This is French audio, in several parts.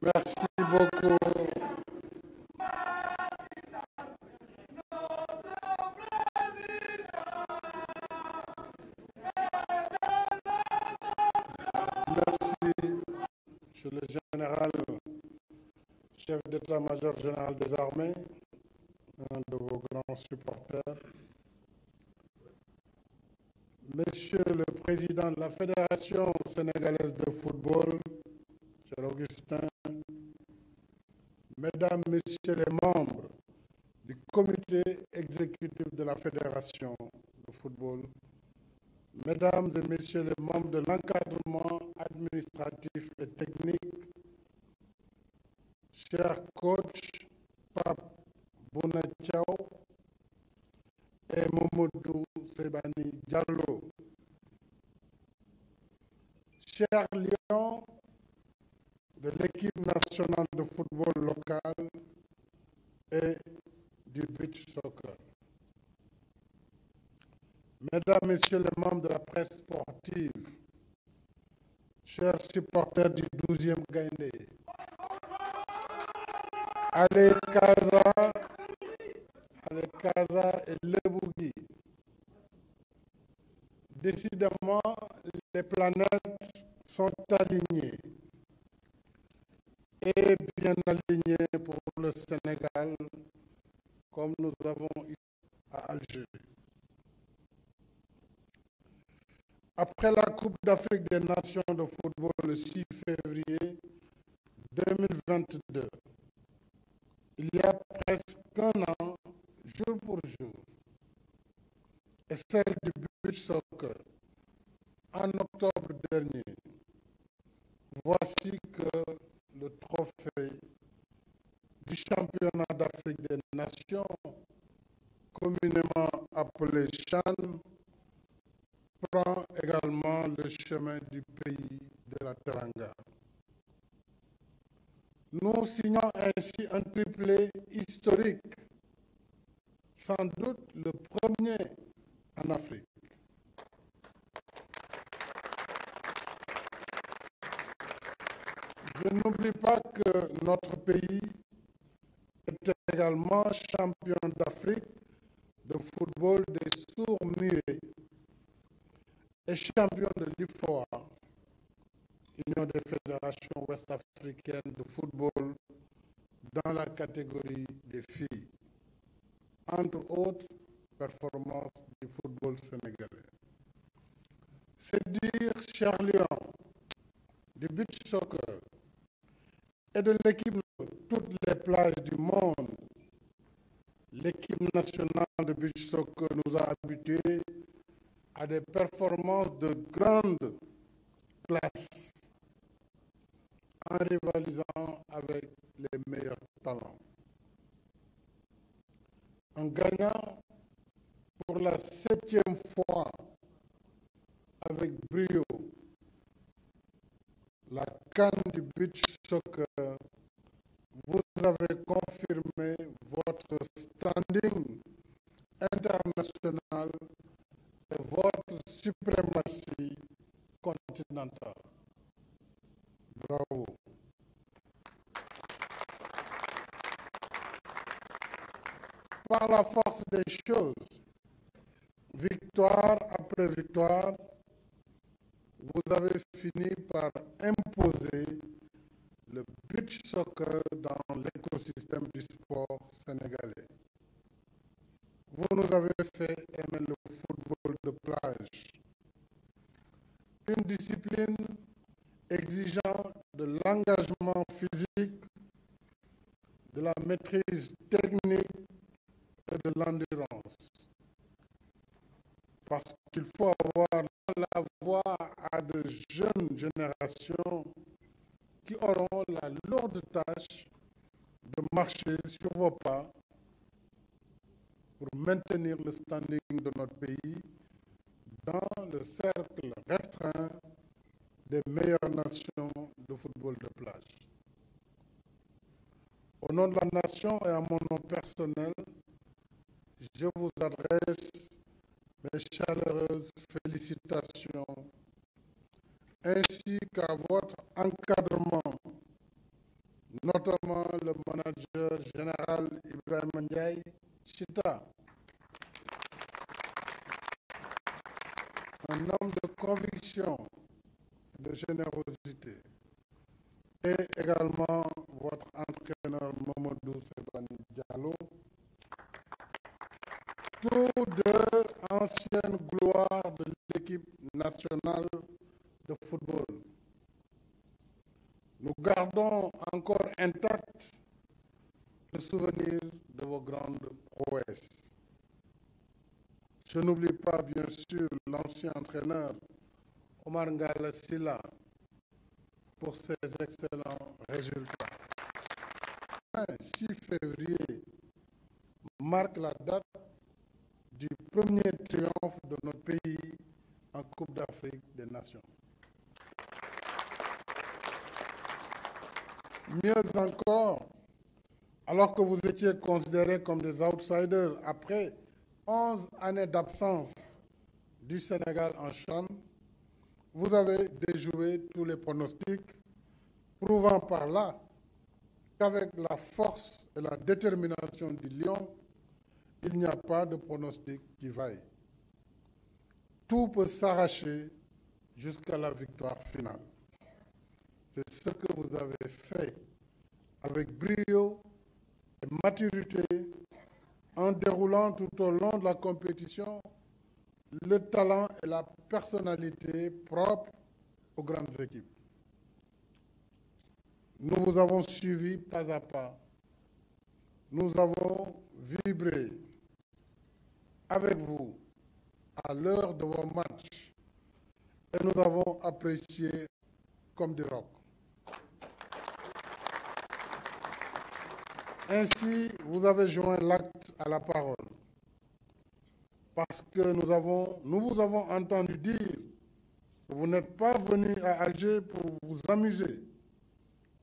Merci beaucoup. Merci, Monsieur le Général, chef d'état-major général des armées, un de vos grands supporters. Monsieur le Président de la Fédération sénégalaise de football, cher Augustin, Mesdames, Messieurs les membres du comité exécutif de la Fédération de football, Mesdames et Messieurs les membres de l'encadrement administratif et technique, Chers coach Pape Bonatiao et Momodou Sebani Diallo, Chers Lyon, de l'équipe nationale de football local et du beach soccer. Mesdames, Messieurs les membres de la presse sportive, chers supporters du 12e Gainé, Allez Kaza, et Lebougui. Décidément, les planètes sont alignées. Après la Coupe d'Afrique des Nations de football le 6 février 2022, il y a presque un an, jour pour jour, et celle du beach soccer, en octobre dernier, voici que le trophée du championnat d'Afrique des Nations, communément appelé Chan, prend également le chemin du pays de la Teranga. Nous signons ainsi un triplé historique, sans doute le premier en Afrique. Je n'oublie pas que notre pays est également champion d'Afrique de football des sourds muets et champion de l'IFOA, Union des fédérations ouest-africaines de football, dans la catégorie des filles. Entre autres, performances du football sénégalais. C'est dire Lyon, du beach soccer et de l'équipe de toutes les plages du monde. L'équipe nationale de beach soccer nous a habitués à des performances de grande classe en rivalisant avec les meilleurs talents. En gagnant pour la septième fois avec brio la canne du beach soccer, vous avez confirmé votre standing international votre suprématie continentale. Bravo. Par la force des choses, victoire après victoire, vous avez fini par imposer le beach soccer dans l'écosystème du sport sénégalais. Vous nous avez fait maîtrise technique et de l'endurance. Parce qu'il faut avoir la voix à de jeunes générations qui auront la lourde tâche de marcher sur vos pas pour maintenir le standing de notre pays dans le cercle restreint des meilleures nations de football de plage. Au nom de la nation et à mon nom personnel, je vous adresse mes chaleureuses félicitations, ainsi qu'à votre encadrement, notamment le manager général Ibrahim Ndiaye Chita, un homme de conviction et de générosité et également votre entraîneur Mamadou Sebani Diallo. Tous deux anciennes gloires de l'équipe nationale de football. Nous gardons encore intact le souvenir de vos grandes prouesses. Je n'oublie pas, bien sûr, l'ancien entraîneur Omar Ngala Silla, pour ses excellents résultats. Le 6 février marque la date du premier triomphe de notre pays en Coupe d'Afrique des Nations. Mieux encore, alors que vous étiez considérés comme des outsiders après 11 années d'absence du Sénégal en Chambre, vous avez déjoué tous les pronostics, prouvant par là qu'avec la force et la détermination du lion, il n'y a pas de pronostic qui vaille. Tout peut s'arracher jusqu'à la victoire finale. C'est ce que vous avez fait avec brio et maturité en déroulant tout au long de la compétition le talent et la personnalité propres aux grandes équipes. Nous vous avons suivi pas à pas. Nous avons vibré avec vous à l'heure de vos matchs et nous avons apprécié comme des rocs. Ainsi, vous avez joint l'acte à la parole parce que nous, vous avons entendu dire que vous n'êtes pas venu à Alger pour vous amuser,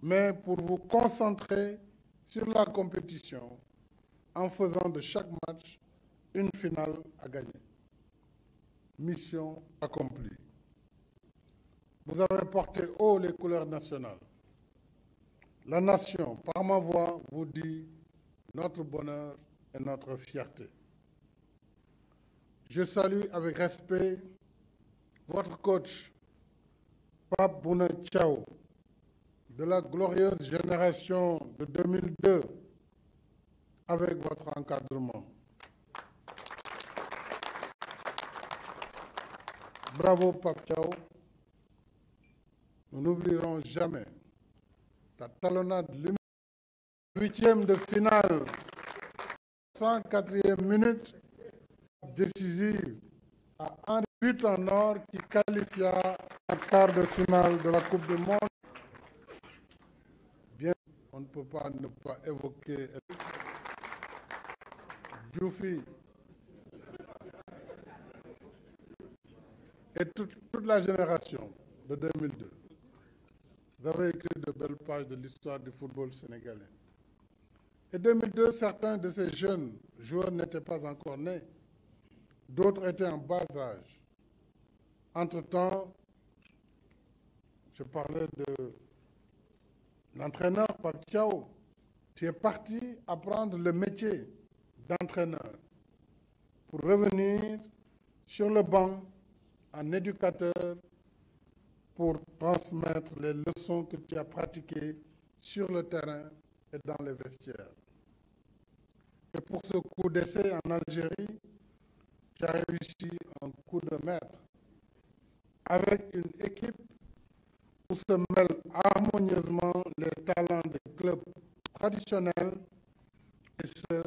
mais pour vous concentrer sur la compétition en faisant de chaque match une finale à gagner. Mission accomplie. Vous avez porté haut les couleurs nationales. La nation, par ma voix, vous dit notre bonheur et notre fierté. Je salue avec respect votre coach, Pape Bounet Tchao, de la glorieuse génération de 2002, avec votre encadrement. Bravo, Pape Tchao. Nous n'oublierons jamais la talonnade huitième de finale, 104e minute décisive à un but en or qui qualifia un quart de finale de la Coupe du Monde. Bien, on ne peut pas ne pas évoquer Djoufi et toute, toute la génération de 2002. Vous avez écrit de belles pages de l'histoire du football sénégalais. Et 2002, certains de ces jeunes joueurs n'étaient pas encore nés. D'autres étaient en bas âge. Entre-temps, je parlais de l'entraîneur Pacquiao, qui est parti apprendre le métier d'entraîneur pour revenir sur le banc en éducateur pour transmettre les leçons que tu as pratiquées sur le terrain et dans les vestiaires. Et pour ce coup d'essai en Algérie, tu réussi un coup de maître avec une équipe où se mêlent harmonieusement les talents des clubs traditionnels et ceux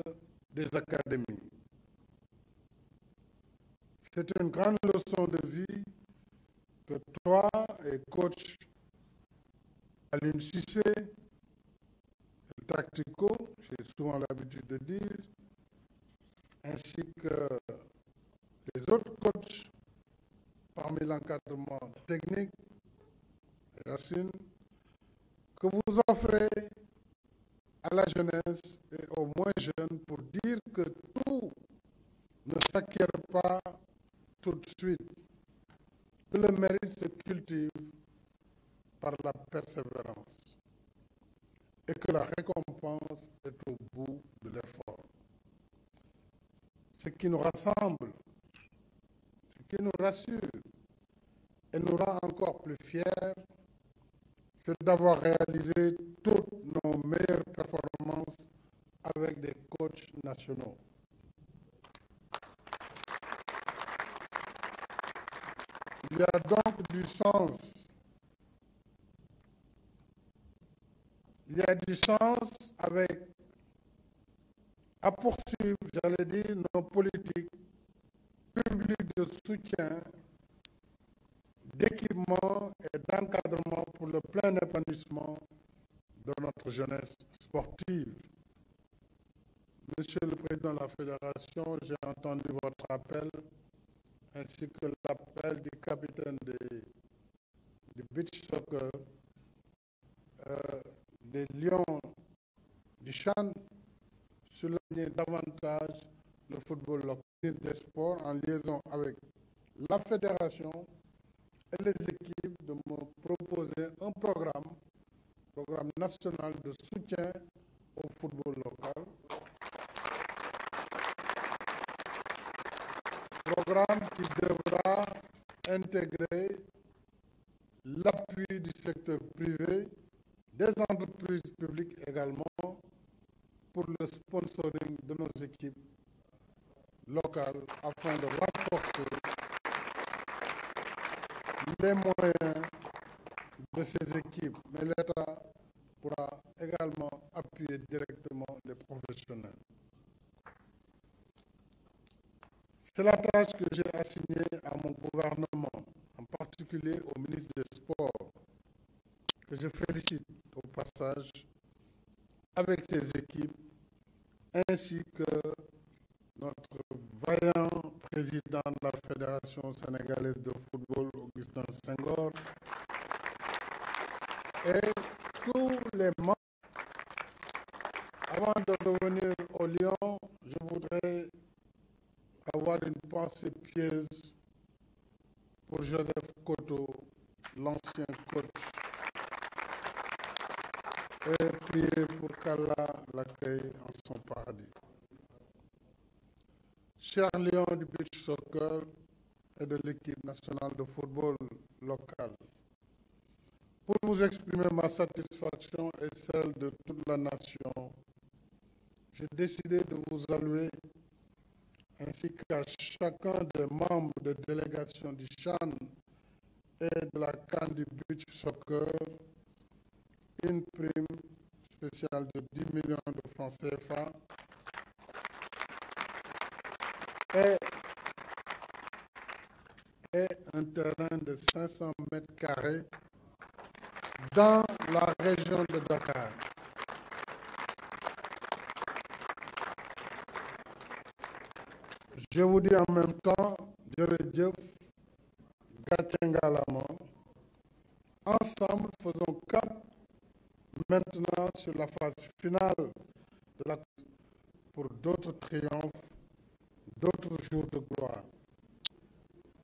des académies. C'est une grande leçon de vie que toi et coach Aline Cissé, le tactico, j'ai souvent l'habitude de dire, ainsi que les autres coachs parmi l'encadrement technique, Racine, que vous offrez à la jeunesse et aux moins jeunes pour dire que tout ne s'acquiert pas tout de suite, que le mérite se cultive par la persévérance et que la récompense est au bout de l'effort. Ce qui nous rassemble qui nous rassure et nous rend encore plus fiers, c'est d'avoir réalisé toutes nos meilleures performances avec des coachs nationaux. Il y a donc du sens. Il y a du sens avec à poursuivre, j'allais dire, nos politiques public de soutien, d'équipement et d'encadrement pour le plein épanouissement de notre jeunesse sportive. Monsieur le Président de la Fédération, j'ai entendu votre appel ainsi que l'appel du capitaine des, du beach soccer, euh, des Lions du Chan, souligner davantage le football local des Sports en liaison avec la fédération et les équipes de me proposer un programme, programme national de soutien au football local. Programme qui devra intégrer l'appui du secteur privé, des entreprises publiques également, pour le sponsoring de nos équipes locales afin de renforcer les moyens de ces équipes. Mais l'État pourra également appuyer directement les professionnels. C'est la tâche que j'ai assignée à mon gouvernement, en particulier au ministre des Sports, que je félicite au passage avec ses équipes, ainsi que président de la Fédération sénégalaise de football. l'équipe nationale de football locale. Pour vous exprimer ma satisfaction et celle de toute la nation, j'ai décidé de vous allouer, ainsi qu'à chacun des membres de délégation du CHAN et de la Cannes du Beach Soccer, une prime spéciale de 10 millions de francs CFA et et un terrain de 500 mètres carrés dans la région de Dakar. Je vous dis en même temps, Dieu, Laman, ensemble faisons cap maintenant sur la phase finale la pour d'autres triomphes, d'autres jours de gloire.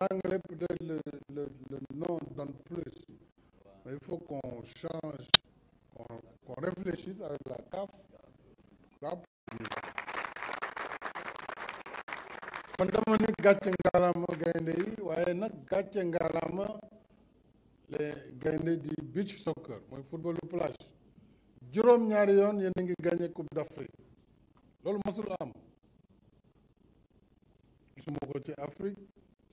anglais, peut-être le, le, nom donne plus. Mais il faut qu'on change, qu'on réfléchisse avec la CAF. Quand on dit ni gàcce ngaalaama gaynde yi les gagnés du beach soccer le football de plage Jérôme ñaari il a gagné le coupe d'Afrique loolu mosul am gisuma ko ci Afrique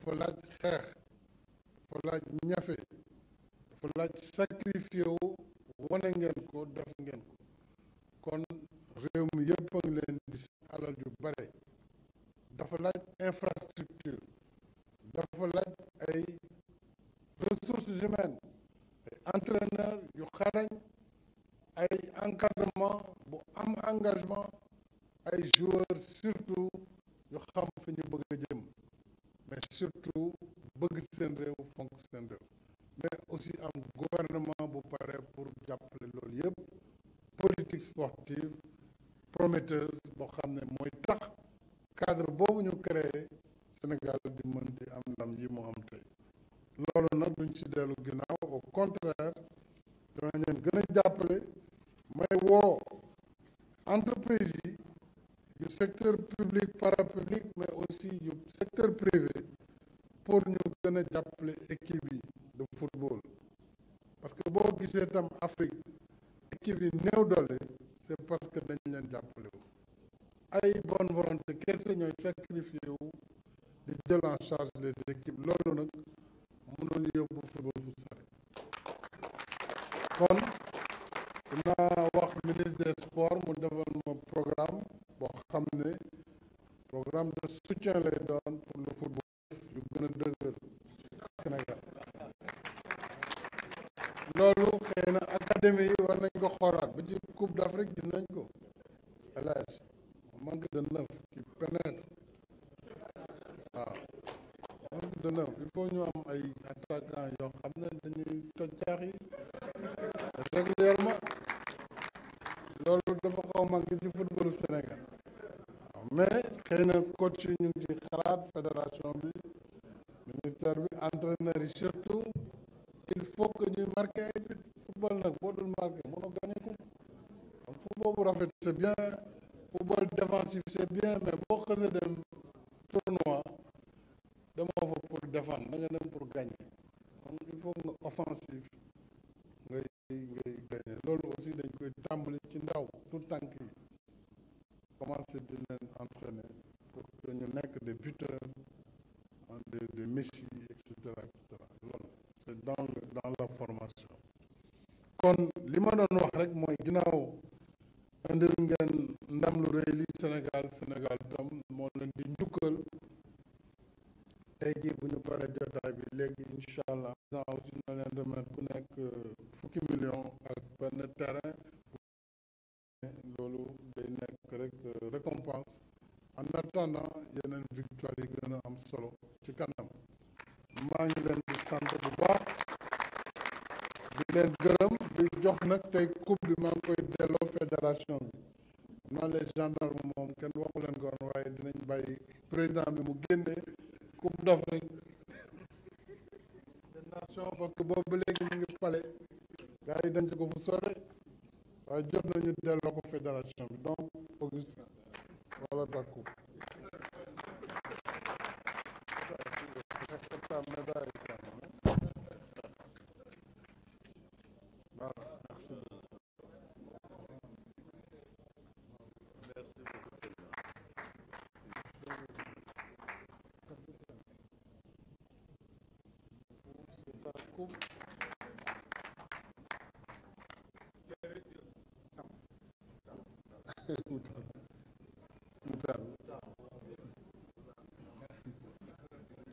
dafa laaj xeex dafa laaj ñafe dafa laaj sacrifié wu ko def ngén ko kon réew yépp yëpp a ngi leen di alal yu bare dafa laj infrastructure dafa laj ay ressources humaines ay entraîneur yu xarañ ay encadrement bu am engagement ay joueurs surtout yu xam fi ñu bëgg jëm mais surtout bëgg seen réew mais aussi un gouvernement pour appeler loolu yëpp politique sportive prometteuse pour xam ne cadre tax cadre nous ñu créé Sénégal du monde di am ndam yi mu am tey loolu duñ au contraire nous avons appelé, a le may woo yi secteur public parapublic mais aussi yu gisee tam Afrique équipe yi néew doole c' est parce que dañ leen jàppale wu ay bonne volonté kese ñooy sacrifié wu di jël en charge les équipes loolu nag mënul yóbbu football dafa xaw màgg ci footballu Sénégal waaw mais xëy na coach yi ñu ngi ci xalaat fédération bi ministère bi entraîneur yi surtout il faut que ñuy marqué ay but football nag boo dul marqué mënoo gagné ko donc football bu rafet c'est bien football défensif c'est bien mais boo xësee dem dans dans la formation quand li ma doon wax rek mooy ginnaaw gendarme moom kenn waxu leen ko woon waaye dinañ bàyyi président bi mu génne coupe d'Afrique des nations parce que boobu ba léegi ñu ngi pale gars yi denc ko fu sore waaye jot nañu delloo ko fédération bi donc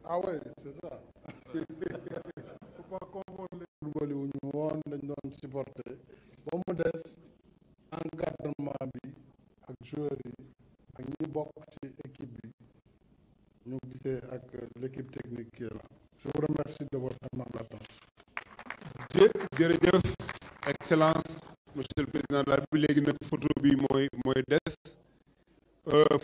Ah ouais.